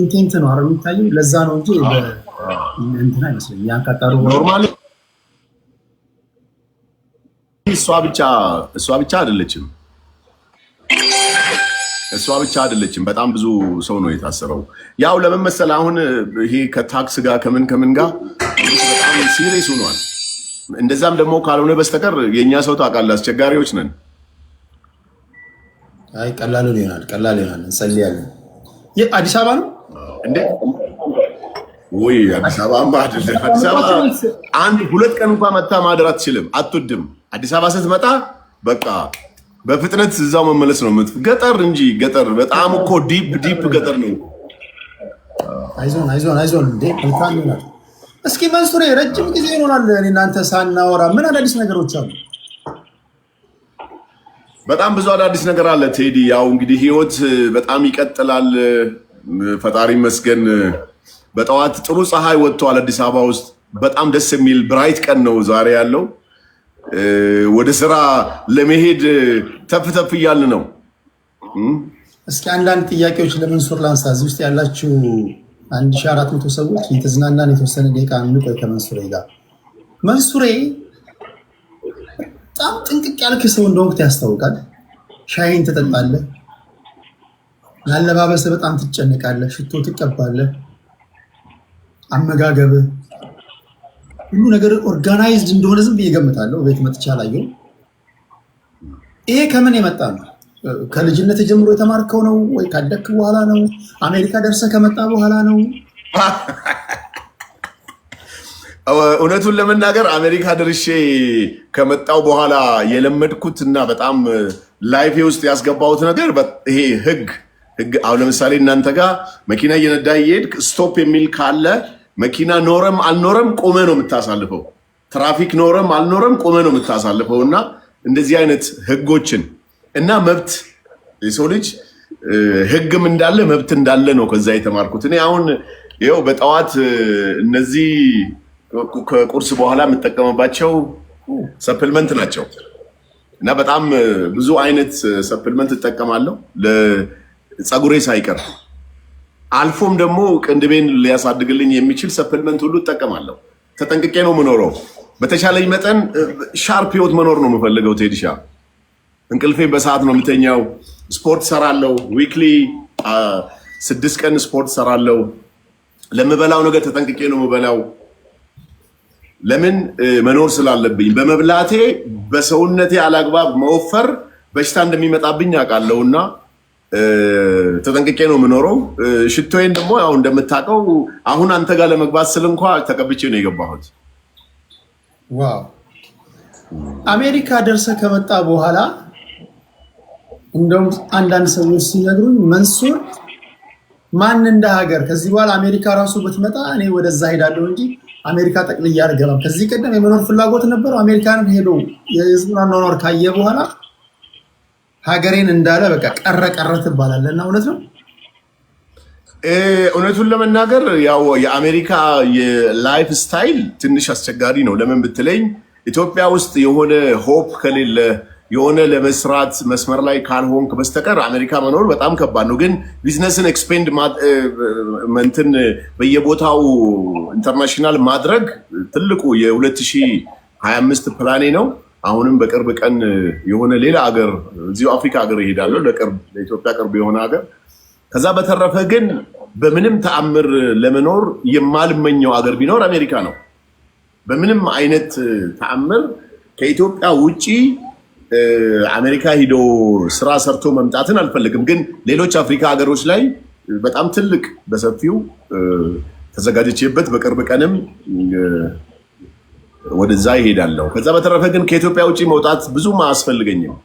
ኢንቴንት ነው አረ የሚታየው ለዛ ነው እንጂ እንትን አይመስለኝም። ያንቀጠሩ ኖርማሊ እሷ ብቻ እሷ ብቻ አይደለችም፣ እሷ ብቻ አይደለችም። በጣም ብዙ ሰው ነው የታሰረው። ያው ለምን መሰለ አሁን ይሄ ከታክስ ጋር ከምን ከምን ጋር በጣም ሲሪየስ ሆኗል። እንደዛም ደግሞ ካልሆነ በስተቀር የእኛ ሰው ታውቃለህ፣ አስቸጋሪዎች ነን። አይ ቀላል ይሆናል፣ ቀላል ይሆናል። እንጸልያለን አዲስ አበባ ነው እንዴ? ወይ አዲስ አበባ አዲስ አበባ አንድ ሁለት ቀን እንኳን መታ ማደር አትችልም፣ አትወድም። አዲስ አበባ ስትመጣ በቃ በፍጥነት እዛው መመለስ ነው። ገጠር እንጂ ገጠር በጣም እኮ ዲፕ ዲፕ ገጠር ነው። አይዞን አይዞን አይዞን። እንዴ እስኪ መንሱሬ ረጅም ጊዜ ይሆናል እናንተ ሳናወራ ምን አዳዲስ ነገሮች አሉ? በጣም ብዙ አዳዲስ ነገር አለ ቴዲ። ያው እንግዲህ ህይወት በጣም ይቀጥላል። ፈጣሪ መስገን በጠዋት ጥሩ ፀሐይ ወጥቷል አዲስ አበባ ውስጥ። በጣም ደስ የሚል ብራይት ቀን ነው ዛሬ ያለው። ወደ ስራ ለመሄድ ተፍ ተፍ እያል ነው። እስኪ አንዳንድ ጥያቄዎች ለመንሱር ላንሳ። እዚህ ውስጥ ያላችሁ መቶ ሰዎች የተዝናናን የተወሰነ ደቂቃ እንቆይ ከመንሱሬ ጋር መንሱሬ በጣም ጥንቅቅ ያልክ ሰው እንደሆንክ ያስታውቃል። ሻይን ትጠጣለህ፣ ላለባበስህ በጣም ትጨነቃለህ፣ ሽቶ ትቀባለህ፣ አመጋገብህ ሁሉ ነገር ኦርጋናይዝድ እንደሆነ ዝም ብዬ እገምታለሁ። ቤት መጥቼ አላየሁም። ይሄ ከምን የመጣ ነው? ከልጅነት ጀምሮ የተማርከው ነው ወይ? ካደግክ በኋላ ነው? አሜሪካ ደርሰህ ከመጣ በኋላ ነው? እውነቱን ለመናገር አሜሪካ ድርሼ ከመጣው በኋላ የለመድኩት እና በጣም ላይፌ ውስጥ ያስገባሁት ነገር ይሄ ህግ ህግ አሁን ለምሳሌ እናንተ ጋር መኪና እየነዳ እየሄድክ ስቶፕ የሚል ካለ መኪና ኖረም አልኖረም ቆመ ነው የምታሳልፈው። ትራፊክ ኖረም አልኖረም ቆመ ነው የምታሳልፈው። እና እንደዚህ አይነት ህጎችን እና መብት የሰው ልጅ ህግም እንዳለ መብት እንዳለ ነው ከዛ የተማርኩት እኔ አሁን ይኸው በጠዋት እነዚህ ከቁርስ በኋላ የምጠቀምባቸው ሰፕልመንት ናቸው እና በጣም ብዙ አይነት ሰፕልመንት እጠቀማለሁ ለፀጉሬ ሳይቀር አልፎም ደግሞ ቅንድቤን ሊያሳድግልኝ የሚችል ሰፕልመንት ሁሉ እጠቀማለሁ። ተጠንቅቄ ነው የምኖረው። በተቻለኝ መጠን ሻርፕ ህይወት መኖር ነው የምፈልገው። ቴዲሻ እንቅልፌ በሰዓት ነው የምተኛው። ስፖርት ሰራለው። ዊክሊ ስድስት ቀን ስፖርት ሰራለው። ለምበላው ነገር ተጠንቅቄ ነው የምበላው። ለምን መኖር ስላለብኝ በመብላቴ በሰውነቴ አላግባብ መወፈር በሽታ እንደሚመጣብኝ እና ተጠንቅቄ ነው የምኖረው። ሽቶዬን ደግሞ ያው እንደምታውቀው አሁን አንተ ጋር ለመግባት ስል እንኳ ተቀብቼ ነው የገባሁት። ዋው! አሜሪካ ደርሰ ከመጣ በኋላ እንደውም አንዳንድ ሰዎች ሲነግሩኝ መንሱር ማን እንደ ሀገር ከዚህ በኋላ አሜሪካ ራሱ ብትመጣ እኔ ወደዛ ሄዳለሁ እንጂ አሜሪካ ጠቅልያ አልገባም። ከዚህ ቀደም የመኖር ፍላጎት ነበረው። አሜሪካንን ሄዶ የህዝቡን አኗኗር ካየ በኋላ ሀገሬን እንዳለ በቃ ቀረ ቀረ ትባላለህ እና እውነት ነው። እውነቱን ለመናገር ያው የአሜሪካ የላይፍ ስታይል ትንሽ አስቸጋሪ ነው። ለምን ብትለኝ ኢትዮጵያ ውስጥ የሆነ ሆፕ ከሌለ የሆነ ለመስራት መስመር ላይ ካልሆንክ በስተቀር አሜሪካ መኖር በጣም ከባድ ነው። ግን ቢዝነስን ኤክስፔንድ መንትን በየቦታው ኢንተርናሽናል ማድረግ ትልቁ የ2025 ፕላኔ ነው። አሁንም በቅርብ ቀን የሆነ ሌላ ሀገር እዚሁ አፍሪካ ሀገር ይሄዳለሁ፣ ለኢትዮጵያ ቅርብ የሆነ ሀገር። ከዛ በተረፈ ግን በምንም ተአምር ለመኖር የማልመኘው ሀገር ቢኖር አሜሪካ ነው። በምንም አይነት ተአምር ከኢትዮጵያ ውጪ አሜሪካ ሂዶ ስራ ሰርቶ መምጣትን አልፈልግም። ግን ሌሎች አፍሪካ ሀገሮች ላይ በጣም ትልቅ በሰፊው ተዘጋጀችበት በቅርብ ቀንም ወደዛ ይሄዳለሁ። ከዛ በተረፈ ግን ከኢትዮጵያ ውጭ መውጣት ብዙም አያስፈልገኝም፣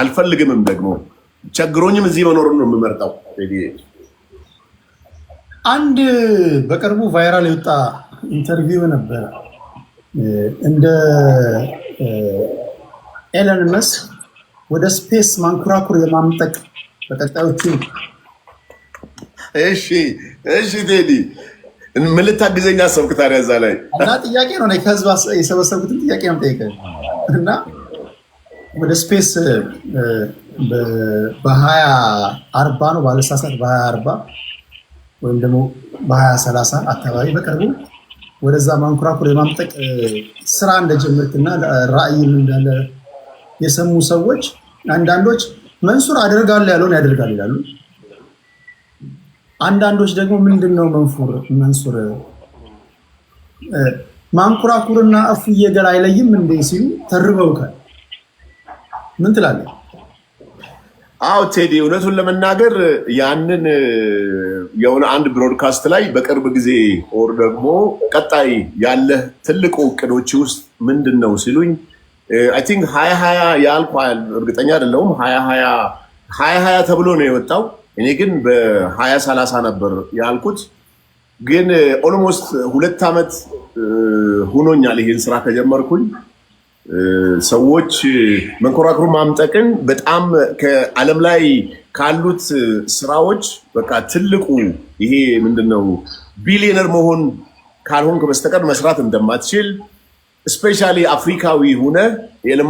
አልፈልግምም። ደግሞ ቸግሮኝም እዚህ መኖር ነው የምመርጠው። አንድ በቅርቡ ቫይራል የወጣ ኢንተርቪው ነበረ እንደ ኤለን መስክ ወደ ስፔስ ማንኩራኩር የማምጠቅ በቀጣዮቹ እሺ፣ እሺ ቴዲ ምን ልታግዘኝ አሰብክ ታዲያ? እዛ ላይ እና ጥያቄ ነው ከህዝብ የሰበሰብኩትን ጥያቄ ነው ጠይቀ እና ወደ ስፔስ በሀያ አርባ ነው ባለሳሳት በሀያ አርባ ወይም ደግሞ በሀያ ሰላሳ አካባቢ በቅርቡ ወደዛ ማንኩራኩር የማምጠቅ ስራ እንደጀመርክና ራዕይም እንዳለ የሰሙ ሰዎች አንዳንዶች መንሱር አደርጋለሁ ያለውን ያደርጋል ይላሉ። አንዳንዶች ደግሞ ምንድን ነው መንፉር መንሱር ማንኩራኩርና እፉዬ ገላ አይለይም እንዴ ሲሉ ተርበውካል። ምን ትላለህ? አዎ ቴዲ፣ እውነቱን ለመናገር ያንን የሆነ አንድ ብሮድካስት ላይ በቅርብ ጊዜ ኦር ደግሞ ቀጣይ ያለህ ትልቁ እቅዶች ውስጥ ምንድን ነው ሲሉኝ አይ ቲንክ ሀያ ሀያ ያልኩ እርግጠኛ አይደለሁም። ሀያ ሀያ ተብሎ ነው የወጣው። እኔ ግን በሀያ ሰላሳ ነበር ያልኩት። ግን ኦልሞስት ሁለት ዓመት ሆኖኛል ይህን ስራ ከጀመርኩኝ። ሰዎች መንኮራኩር ማምጠቅን በጣም ከዓለም ላይ ካሉት ስራዎች በቃ ትልቁ ይሄ ምንድን ነው ቢሊዮነር መሆን ካልሆንክ በስተቀር መስራት እንደማትችል ስፔሻሊ አፍሪካዊ ሆነ ኤለን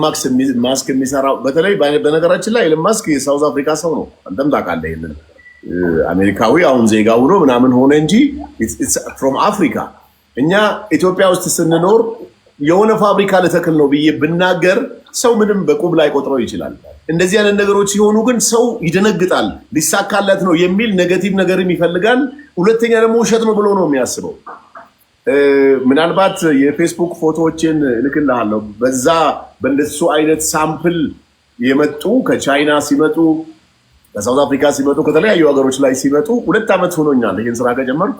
ማስክ የሚሰራው በተለይ በነገራችን ላይ ኤለን ማስክ የሳውዝ አፍሪካ ሰው ነው። አንተም ታውቃለህ ይሄንን። አሜሪካዊ አሁን ዜጋ ሆኖ ምናምን ሆነ እንጂ ፍሮም አፍሪካ። እኛ ኢትዮጵያ ውስጥ ስንኖር የሆነ ፋብሪካ ልተክል ነው ብዬ ብናገር ሰው ምንም በቁብ ላይ ቆጥረው ይችላል። እንደዚህ አይነት ነገሮች ሲሆኑ ግን ሰው ይደነግጣል። ሊሳካለት ነው የሚል ኔጌቲቭ ነገርም ይፈልጋል። ሁለተኛ ደግሞ ውሸት ነው ብሎ ነው የሚያስበው። ምናልባት የፌስቡክ ፎቶዎችን እልክልሃለሁ። በዛ በእንደሱ አይነት ሳምፕል የመጡ ከቻይና ሲመጡ ከሳውት አፍሪካ ሲመጡ ከተለያዩ ሀገሮች ላይ ሲመጡ ሁለት ዓመት ሆኖኛል ይህን ስራ ከጀመርኩ።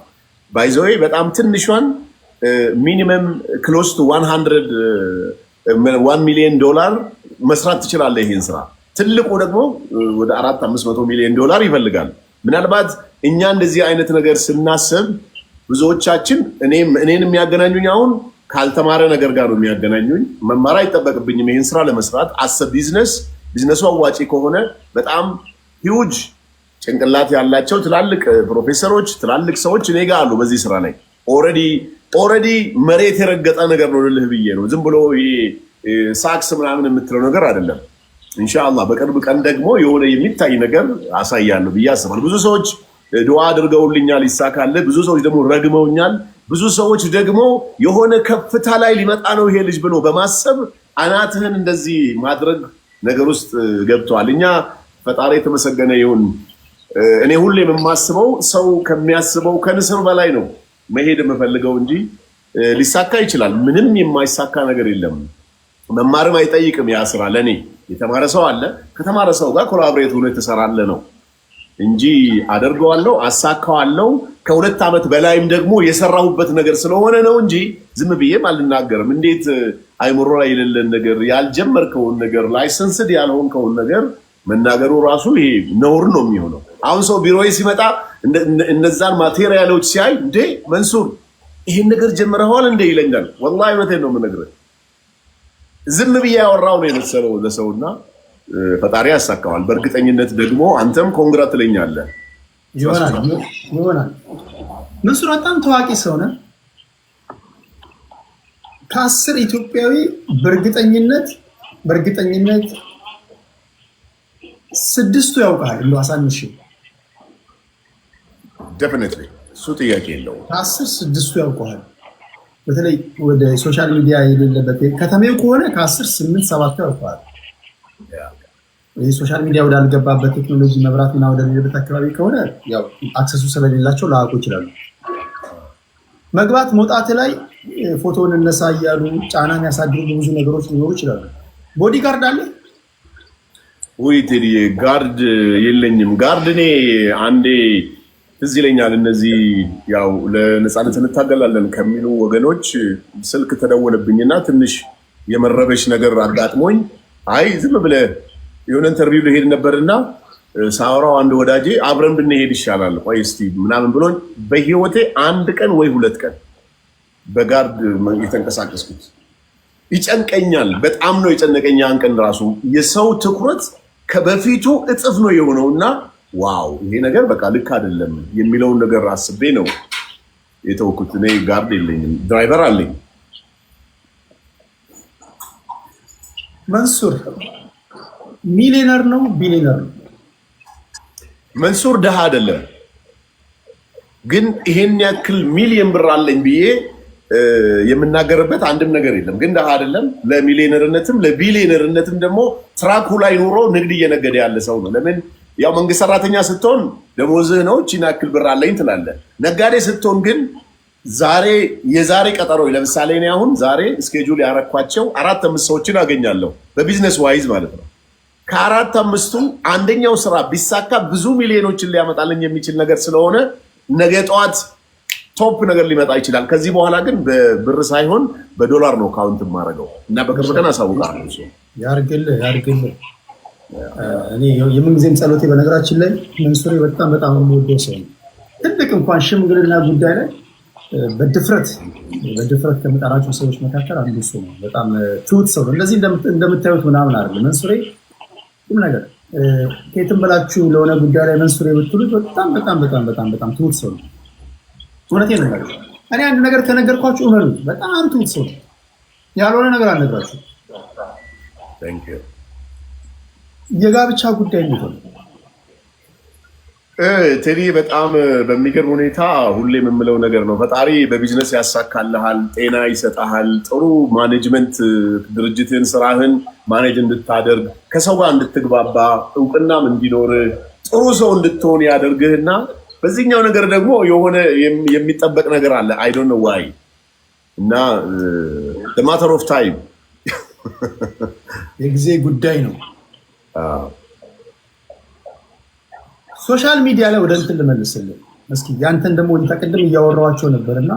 ባይዘዌ በጣም ትንሿን ሚኒመም ክሎስ ቱ ዋን ሚሊዮን ዶላር መስራት ትችላለህ ይህን ስራ። ትልቁ ደግሞ ወደ አራት አምስት መቶ ሚሊዮን ዶላር ይፈልጋል። ምናልባት እኛ እንደዚህ አይነት ነገር ስናስብ ብዙዎቻችን እኔን የሚያገናኙኝ አሁን ካልተማረ ነገር ጋር ነው የሚያገናኙኝ። መማር አይጠበቅብኝም ይህን ስራ ለመስራት አሰ ቢዝነስ ቢዝነሱ አዋጪ ከሆነ በጣም ሂውጅ ጭንቅላት ያላቸው ትላልቅ ፕሮፌሰሮች፣ ትላልቅ ሰዎች እኔ ጋር አሉ። በዚህ ስራ ላይ ኦልሬዲ ኦልሬዲ መሬት የረገጠ ነገር ነው ልልህ ብዬ ነው። ዝም ብሎ ሳክስ ምናምን የምትለው ነገር አይደለም። እንሻላ በቅርብ ቀን ደግሞ የሆነ የሚታይ ነገር አሳያለሁ ብዬ አስባለሁ። ብዙ ሰዎች ዱዓ አድርገውልኛል ይሳካልህ። ብዙ ሰዎች ደግሞ ረግመውኛል። ብዙ ሰዎች ደግሞ የሆነ ከፍታ ላይ ሊመጣ ነው ይሄ ልጅ ብሎ በማሰብ አናትህን እንደዚህ ማድረግ ነገር ውስጥ ገብተዋል። እኛ ፈጣሪ የተመሰገነ ይሁን። እኔ ሁሌ የምማስበው ሰው ከሚያስበው ከንስር በላይ ነው መሄድ የምፈልገው እንጂ ሊሳካ ይችላል። ምንም የማይሳካ ነገር የለም። መማርም አይጠይቅም። ያ ስራ ለእኔ የተማረ ሰው አለ ከተማረ ሰው ጋር ኮላብሬት ሆኖ የተሰራለ ነው። እንጂ አደርገዋለሁ፣ አሳካዋለሁ። ከሁለት ዓመት በላይም ደግሞ የሰራሁበት ነገር ስለሆነ ነው እንጂ ዝም ብዬም አልናገርም። እንዴት አይምሮ ላይ የሌለን ነገር ያልጀመርከውን ነገር ላይሰንስድ ያልሆንከውን ነገር መናገሩ ራሱ ይሄ ነውር ነው የሚሆነው። አሁን ሰው ቢሮ ሲመጣ እነዛን ማቴሪያሎች ሲያይ እንዴ መንሱር ይህን ነገር ጀምረዋል እንዴ ይለኛል። ወላሂ እውነቴን ነው የምነግርህ። ዝም ብዬ ያወራው ነው የመሰለው ለሰውና ፈጣሪ ያሳካዋል። በእርግጠኝነት ደግሞ አንተም ኮንግራት ትለኛለህ ይሆናል። መንሱር በጣም ታዋቂ ሰው ነህ። ከአስር ኢትዮጵያዊ በእርግጠኝነት በእርግጠኝነት ስድስቱ ያውቃል። እንደ አሳንሽ ዴፊኒትሊ እሱ ጥያቄ የለው። ከአስር ስድስቱ ያውቀዋል። በተለይ ወደ ሶሻል ሚዲያ የሌለበት ከተሜው ከሆነ ከአስር ስምንት ሰባቱ ያውቀዋል። ይህ ሶሻል ሚዲያ ወዳልገባበት ቴክኖሎጂ መብራት ና ወደሌለበት አካባቢ ከሆነ ያው አክሰሱ ስለሌላቸው ላያውቁ ይችላሉ። መግባት መውጣት ላይ ፎቶን እነሳ እያሉ ጫና የሚያሳድሩ ብዙ ነገሮች ሊኖሩ ይችላሉ። ቦዲ ጋርድ አለ ወይ? ቴዲ ጋርድ የለኝም። ጋርድ እኔ አንዴ ትዝ ይለኛል እነዚህ ያው ለነፃነት እንታገላለን ከሚሉ ወገኖች ስልክ ተደወለብኝና ትንሽ የመረበሽ ነገር አጋጥሞኝ አይ ዝም ብለህ የሆነ ኢንተርቪው ልሄድ ነበርና ሳውራው አንድ ወዳጄ አብረን ብንሄድ ይሻላል ቆይ እስቲ ምናምን ብሎኝ በህይወቴ አንድ ቀን ወይ ሁለት ቀን በጋርድ የተንቀሳቀስኩት ይጨንቀኛል። በጣም ነው የጨነቀኝ። ያን ቀን ራሱ የሰው ትኩረት ከበፊቱ እጥፍ ነው የሆነውና ዋው ይሄ ነገር በቃ ልክ አይደለም የሚለውን ነገር አስቤ ነው የተወኩት። እኔ ጋርድ የለኝም፣ ድራይቨር አለኝ። መንሱር ሚሊነር ነው ቢሊነር ነው? መንሱር ድሃ አይደለም። ግን ይሄን ያክል ሚሊየን ብር አለኝ ብዬ የምናገርበት አንድም ነገር የለም። ግን ድሃ አይደለም። ለሚሊየነርነትም ለቢሊየነርነትም ደግሞ ትራኩ ላይ ኑሮ ንግድ እየነገደ ያለ ሰው ነው። ለምን ያው መንግስት ሰራተኛ ስትሆን ደሞዝህ ነው፣ ቺን ያክል ብር አለኝ ትላለህ። ነጋዴ ስትሆን ግን ዛሬ የዛሬ ቀጠሮ ለምሳሌ እኔ አሁን ዛሬ እስኬጁል ያረኳቸው አራት አምስት ሰዎችን አገኛለሁ በቢዝነስ ዋይዝ ማለት ነው። ከአራት አምስቱ አንደኛው ስራ ቢሳካ ብዙ ሚሊዮኖችን ሊያመጣልኝ የሚችል ነገር ስለሆነ ነገ ጠዋት ቶፕ ነገር ሊመጣ ይችላል። ከዚህ በኋላ ግን በብር ሳይሆን በዶላር ነው ካውንት የማደርገው እና በቅርብ ቀን አሳውቃለሁ። ያርግልህ ያርግልህ። እኔ የምንጊዜም ጸሎቴ በነገራችን ላይ መንሱሬ በጣም በጣም የምወደው ሰው ትልቅ እንኳን ሽምግልና ጉዳይ ላይ በድፍረት በድፍረት ከምጠራቸው ሰዎች መካከል አንዱ እሱ ነው። በጣም ትሁት ሰው ነው። እንደዚህ እንደምታዩት ምናምን አለ መንሱሬ ቁም ነገር ከየትም ብላችሁ ለሆነ ጉዳይ ላይ መንሱሬ ብትሉት በጣም በጣም በጣም በጣም በጣም ትሁት ሰው ነው። እውነቴን ነገር እኔ አንድ ነገር ከነገርኳችሁ እመኑ። በጣም ትሁት ሰው ነው። ያልሆነ ነገር አልነግራችሁ የጋብቻ ጉዳይ እንዲሆነ ቴዲ በጣም በሚገርም ሁኔታ ሁሌ የምምለው ነገር ነው። ፈጣሪ በቢዝነስ ያሳካልሃል፣ ጤና ይሰጠሃል፣ ጥሩ ማኔጅመንት ድርጅትን፣ ስራህን ማኔጅ እንድታደርግ ከሰው ጋር እንድትግባባ እውቅናም እንዲኖርህ ጥሩ ሰው እንድትሆን ያደርግህና በዚህኛው ነገር ደግሞ የሆነ የሚጠበቅ ነገር አለ። አይ ዶንት ዋይ እና ማተር ኦፍ ታይም የጊዜ ጉዳይ ነው። ሶሻል ሚዲያ ላይ ወደ እንትን ልመልስልን እስኪ ያንተን ደግሞ ቅድም እያወራኋቸው ነበርና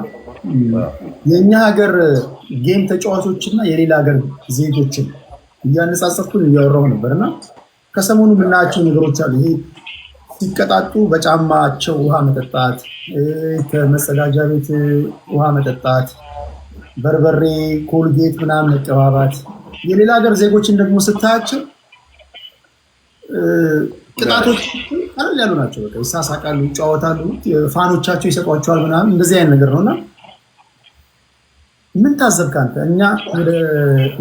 የእኛ ሀገር ጌም ተጫዋቾችና የሌላ ሀገር ዜጎችን እያነጻጸፍኩን እያወራው ነበርና። ከሰሞኑ የምናያቸው ነገሮች አሉ። ይሄ ሲቀጣጡ በጫማቸው ውሃ መጠጣት፣ ከመጸዳጃ ቤት ውሃ መጠጣት፣ በርበሬ ኮልጌት ምናምን መቀባባት። የሌላ ሀገር ዜጎችን ደግሞ ስታያቸው ቅጣቶች ቀለል ያሉ ናቸው። በቃ ይሳሳቃሉ፣ ይጫወታሉ፣ ፋኖቻቸው ይሰጧቸዋል ምናምን እንደዚህ አይነት ነገር ነውና ምን ታዘብክ አንተ? እኛ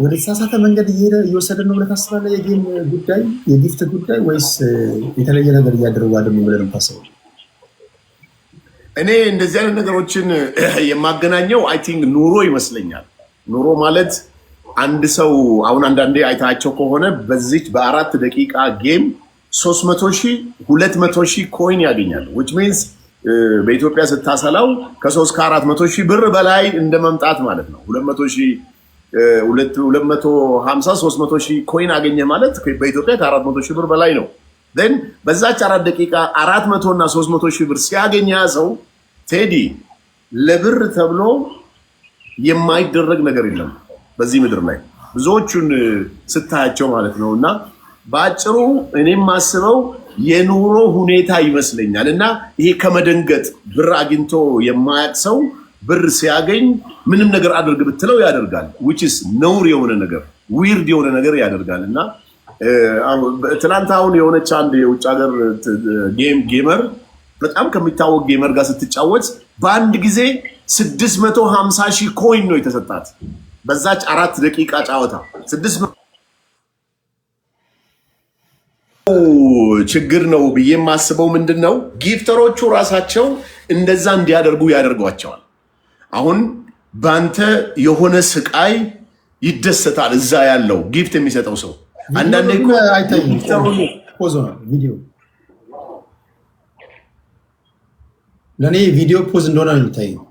ወደ ተሳሳተ መንገድ እየሄደ እየወሰደን ነው ብለህ ታስባለህ? የጌም ጉዳይ የጊፍት ጉዳይ ወይስ የተለየ ነገር እያደረጉ አደሙ ብለህ ነው ታስበው? እኔ እንደዚህ አይነት ነገሮችን የማገናኘው አይ ቲንክ ኑሮ ይመስለኛል። ኑሮ ማለት አንድ ሰው አሁን አንዳንዴ አይታቸው ከሆነ በዚች በአራት ደቂቃ ጌም ሶስት መቶ ሺህ ሁለት መቶ ሺህ ኮይን ያገኛሉ። ዊች ሚንስ በኢትዮጵያ ስታሰላው ከሶስት ከአራት መቶ ሺህ ብር በላይ እንደ መምጣት ማለት ነው። ሁለት መቶ ሺህ ሁለት መቶ ሀምሳ ሶስት መቶ ሺህ ኮይን አገኘ ማለት በኢትዮጵያ ከአራት መቶ ሺህ ብር በላይ ነው። ን በዛች አራት ደቂቃ አራት መቶ እና ሶስት መቶ ሺህ ብር ሲያገኝ ሰው ቴዲ ለብር ተብሎ የማይደረግ ነገር የለም በዚህ ምድር ላይ ብዙዎቹን ስታያቸው ማለት ነው እና በአጭሩ እኔም ማስበው የኑሮ ሁኔታ ይመስለኛል እና ይሄ ከመደንገጥ ብር አግኝቶ የማያቅ ሰው ብር ሲያገኝ ምንም ነገር አድርግ ብትለው ያደርጋል። ውችስ ነውር የሆነ ነገር ዊርድ የሆነ ነገር ያደርጋል እና ትናንት አሁን የሆነች አንድ የውጭ ሀገር ጌመር በጣም ከሚታወቅ ጌመር ጋር ስትጫወት በአንድ ጊዜ 650 ሺህ ኮይን ነው የተሰጣት በዛች አራት ደቂቃ ጫወታ ችግር ነው ብዬ የማስበው ምንድን ነው፣ ጊፍተሮቹ ራሳቸው እንደዛ እንዲያደርጉ ያደርጓቸዋል። አሁን በአንተ የሆነ ስቃይ ይደሰታል እዛ ያለው ጊፍት የሚሰጠው ሰው። አንዳንዴ ለእኔ ቪዲዮ ፖዝ እንደሆነ ነው የሚታየው